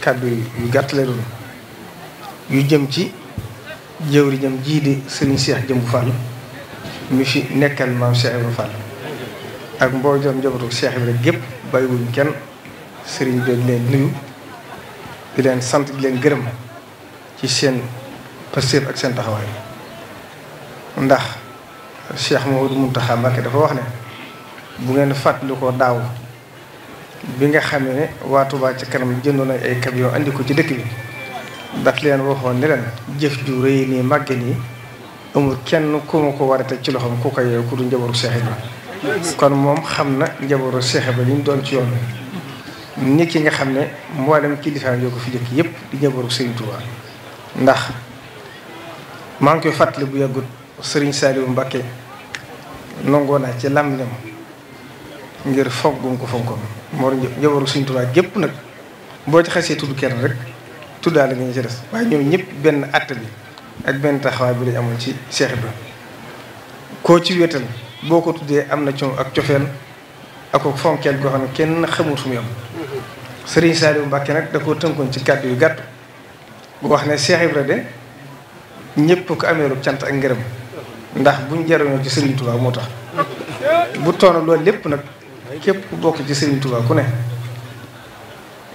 kàddu yu gàtt la doon yu jëm ci jëwriñam jii di sëriñ Cheikh Jëmbu Fall mi fi nekkal maam Cheikh Ibrahima Fall ak mboolem njabootu Cheikh Ibrahima gépp bàyyiwuñ kenn sëriñ bi di leen nuyu di leen sant di leen gërëm ci seen pastéef ak seen taxawaay ndax Cheikh Maodo Mountakha Mbacké dafa wax ne bu ngeen fàttali ko daaw bi nga xam ne waa Touba kanam jëndoon nañ ay camion yoo andi ko ci dëkk bi daf leen waxoon ni leen jëf ju rëy nii màgge nii amul kenn ku ma ko war ci loxoom ku ko yeewu ku du njaboru Cheikh Ibra kon moom xam na njaboru Cheikh Ibra li ñu doon ci yoon nit ki nga xam ne mboolem kilifaam yoo ko fi jëkk yëpp di njaboru Serigne Touba ndax maa ngi koy fàttali bu yàggut Serigne Saliou Mbacké nangoo naa ci lam ngir foog bu ko fonkoon moo njaboru suñ tubaa gépp nag boo ci xasee tudd kenn rek tuddaale ñu ci des waaye ñoom ñëpp benn àtt bi ak benn taxawaay bi lañ amoon ci Seex Ibra koo ci wéetal boo ko tuddee am na coono ak cofeel ak ko fonkeel goo xam ne kenn xamul fu mu yem Sëriñ Saliou Mbàkke nag da koo tënkoon ci kàddu yu gàtt bu wax ne Seex Ibra de ñëpp ko ameeru cant ak ngërëm ndax buñ jaroñoo ci Sëriñ Tuubaa moo tax bu toona loolu lépp nag képp ku bokk ci Serigne Touba ku ne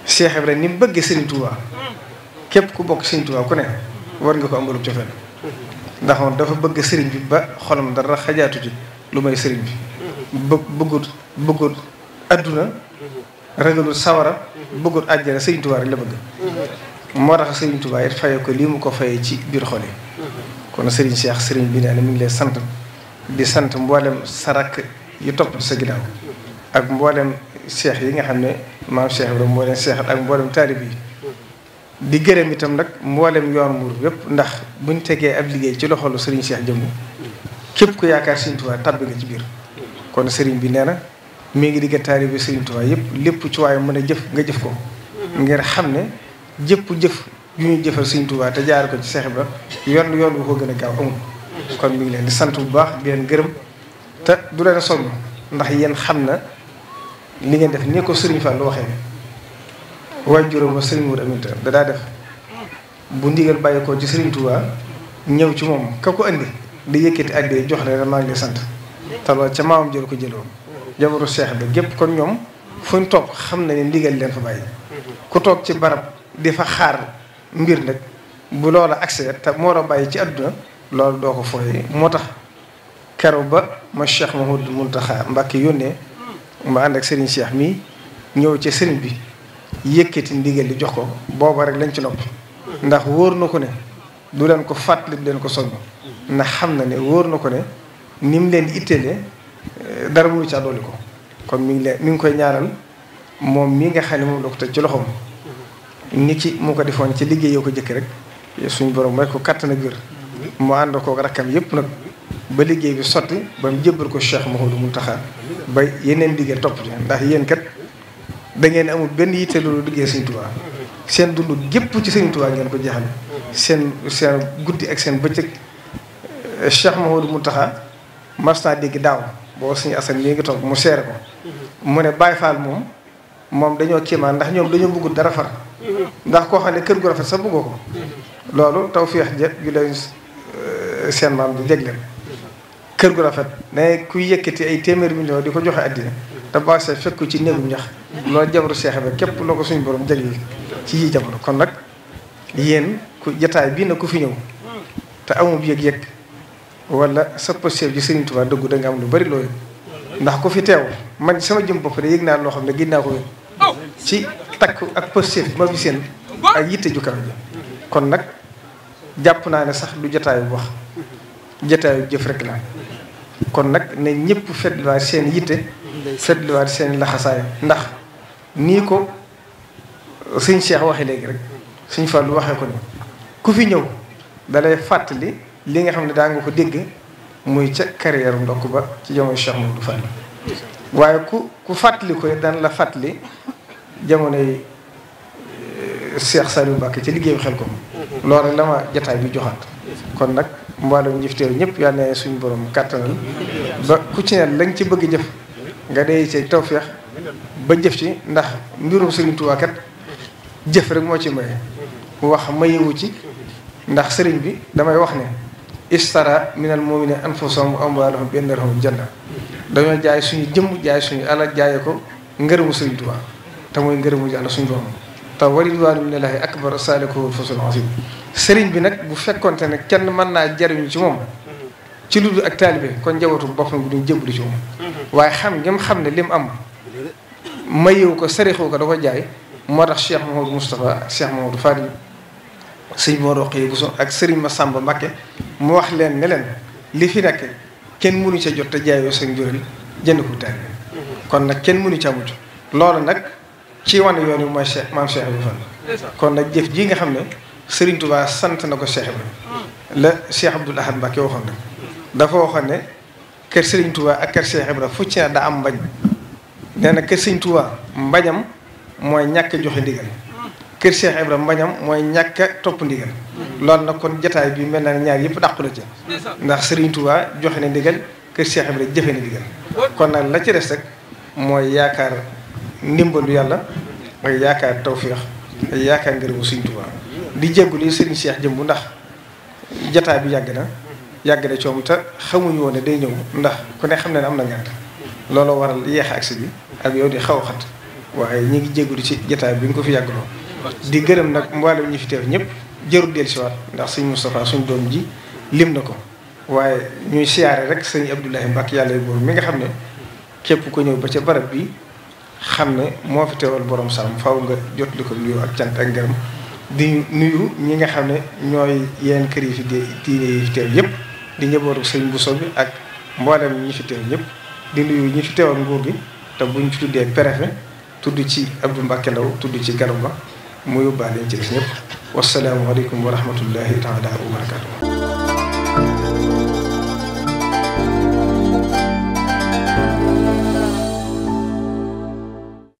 Cheikh Ibrahima ni mu bëggee Serigne Touba képp ku bokk Serigne Touba ku ne war nga ko amalub cofeel ndax moom dafa bëgg sëriñ bi ba xolam dara xajaatu ji lu may Serigne bi. bë bëggut bëggut adduna ragalul sawara bëggut àjjana Serigne Touba rek la bëgg. moo tax Serigne Touba it fayee ko lii mu ko fayee ci biir xol yi kon Serigne Cheikh Serigne bi nee na mi ngi lay sant di sant mboolem sarak yu topp sa ginnaaw. ak mboolem seex yi nga xam ne maam seex bi mboolem seexal ak mboolem taalib yi di gërëm itam nag mboolem yoon muur yépp ndax buñ tegee ab liggéey ci loxolu sëriñ seex jëmm képp ku yaakaar sëriñ Tuubaa tàbbi nga ci biir kon sëriñ bi nee na mi ngi digga taalibe sëriñ Tuubaa yépp lépp ci waaye mën a jëf nga jëf ko ngir xam ne jëpp jëf yu ñu jëfal sëriñ Tuubaa te jaar ko ci seex ba yoon yoon bu ko gën a gaaw amul kon mi ngi leen di sant bu baax di leen gërëm te du leen sonn ndax yéen xam na li ngeen def ni ko Serigne Fall waxee waaye juróom wa Serigne Mour da daa def bu ndigal bàyyi koo ci Serigne Touba ñëw ci moom ka ko indi di yëkkati àddee jox la maa ngi lay sant te loolu ca maamam jël ko jëloon. jabaru seex bi gépp kon ñoom fu ñu toog xam na ne ndigal leen fa bàyyi ku toog ci barab di fa xaar mbir nag bu loola accès te moo la bàyyi ci àdduna loolu doo ko fooy moo tax keroog ba ma Cheikh Mouhamadou Mountakha Mbacké yónnee. mu ànd ak Serigne Cheikh mii ñëw ci sëriñ bi yëkkati ndigal li jox ko booba rek lañ ci nopp ndax wóor na ko ne du leen ko fàttali leen ko soññ ndax xam na ne wóor na ko ne ni mu leen itteele eh, dara mënu caa dolli ko kon mi ngi leen mi ngi koy ñaaral moom mii nga xam ne moom la ko teg ci loxoom ni ki mu ko defoon ci liggéey yoo ko jëkk rek suñu borom may ko kattan ak wér mu ànd kook rakkam yëpp nag ba liggey bi sotti ba mu ko Cheikh Mouhamadou Mountakha ba yenen digge top ci ndax yen kat da ngeen amul ben yite loolu digge seigne touba sen dundu gep ci seigne touba ngeen ko jexal sen sen goudi ak sen bëccëg eh, Cheikh Mouhamadou Mountakha masta naa daw daaw seigne assane asan mi ngi mu ser ko mu ne Baye Fall mom mom dañu kima ndax ñom dañu bëgg dara far ndax ko xane keur gu rafet sa bëggoo ko loolu tawfeex ja ju leen eh, seen maam di deglem kër gu rafet ne kuy yëkkati ay téeméeri million di ko joxe àddina te baase fekku ci néegum ñax loolu jabaru seex ba képp loo ko suñu borom jagleel ci yi kon nag yéen ku jataay bii na ku fi ñëw te amub yëg-yëg wala sa posteef ji dëggu da am lu bari loolu ndax ku fi teew man sama jëm bopp de naa loo xam ne gis naa ko ci takk ak posteef ma bi seen ak yitte ju kon nag jàpp naa ne sax du jataayu wax jataayu jëf rek la kon nag ne ñëpp fetliwaat seen yitte fetliwaat seen laxasaay ndax nii ko suñ Cheikh waxee léegi rek sëñ Fallou waxee ko ni ku fi ñëw dalay fàttali li nga xam ne daa nga ko dégg muy ca carrière ndokk ba ci jamono Cheikh Mamadou Fallou waaye ku ku fàttali ko la fàttali jamonoy eh, Cheikh Saliou Mbacké ci liggéeyu xel ko loolu la ma jataay bi joxaat kon nag mboolem njëfteer ñëpp yal na suñu borom kàttanal ba ku ci ne la ci bëgg jëf nga dee ci tawféex ba jëf ci ndax mbirum Serigne Touba jëf rek moo ci maye wax mayewu ci ndax sëriñ bi damay wax ne istara minal mu'minina anfusahum wa amwaalahum bi anna lahumul janna dañoo jaay suñu jëmm jaay suñu alal jaayee ko ngërëmu Serigne Touba te mooy ngërëmu jàll suñu borom ولله من الله أكبر سالك فصل عظيم سرين بنك بفك كنت أنا كن ما نجار من جموم تلو أكتال به كن جو ربك من بدون جبر جموم وأخم جم خم نلم أم ما يوك سرخ وكره جاي ما رشيا محمد مصطفى سيا محمد فادي سيد مروقي بسون أكسرين ما سام بمكة موحلين نلن لفينك كن موني تجور تجاي وسنجوري جنوب تاني كن كن موني تجور لورنك ci wane yoon wi mooy Cheikh maam Cheikh Ibrahima kon nag jëf jii nga xam ne Serigne sant na ko Cheikh Ibrahima la Cheikh Abdoul Ahad Mbacké waxoon dafa waxoon ne kër Serigne Touba ak kër Cheikh Ibrahima ci ne am mbañ nee na kër Serigne Touba mbañam mooy ñàkk joxe ndigal kër Cheikh Ibrahima mbañam mooy ñàkk topp ndigal nag kon jataay bi mel na ñaar yëpp dàqu na ci ndax Serigne Touba joxe na ndigal kër Cheikh Ibrahima jëfe na ndigal kon nag la ci des mooy yaakaar. ndimbalu yàlla ak yaakaar tawféex ak yaakaar ngërëmu Sëriñ Tuubaa di jéggu li Sëriñ Cheikh jëm bu ndax jataay bi yàgg na yàgg na coom te xamuñu woon ne day ñëw ndax ku ne xam ne am na ngànt loolu waral yeex agsi bi ak yow di xaw xat waaye ñu ngi jéggu ci jataay bi nga ko fi yàggaloo di gërëm nag mboolem ñu fi teew ñëpp jërul del siwaat ndax Sëriñ Moustapha suñ doom ji lim na ko waaye ñuy siyaare rek sëñ Abdoulahi Mbacke yàlla boobu mi nga xam ne képp ko ñëw ba ca barab bi xam ne moo fi teewal borom saam faw nga jot li ko nuyu ak cant ak ngërëm di nuyu ñi nga xam ne ñooy yenn kër yi fi diine yi fi teew yëpp di njabootu sëñ Bousso bi ak mboolem ñi fi teew ñëpp di nuyu ñi fi teewal nguur gi te buñ fi tuddee préfet tudd ci Abdou Mbacke Ndaw tudd ci garab ba mu yóbbaale ci des ñëpp wasalaamualeykum wa rahmatullahi taala wa barakatuh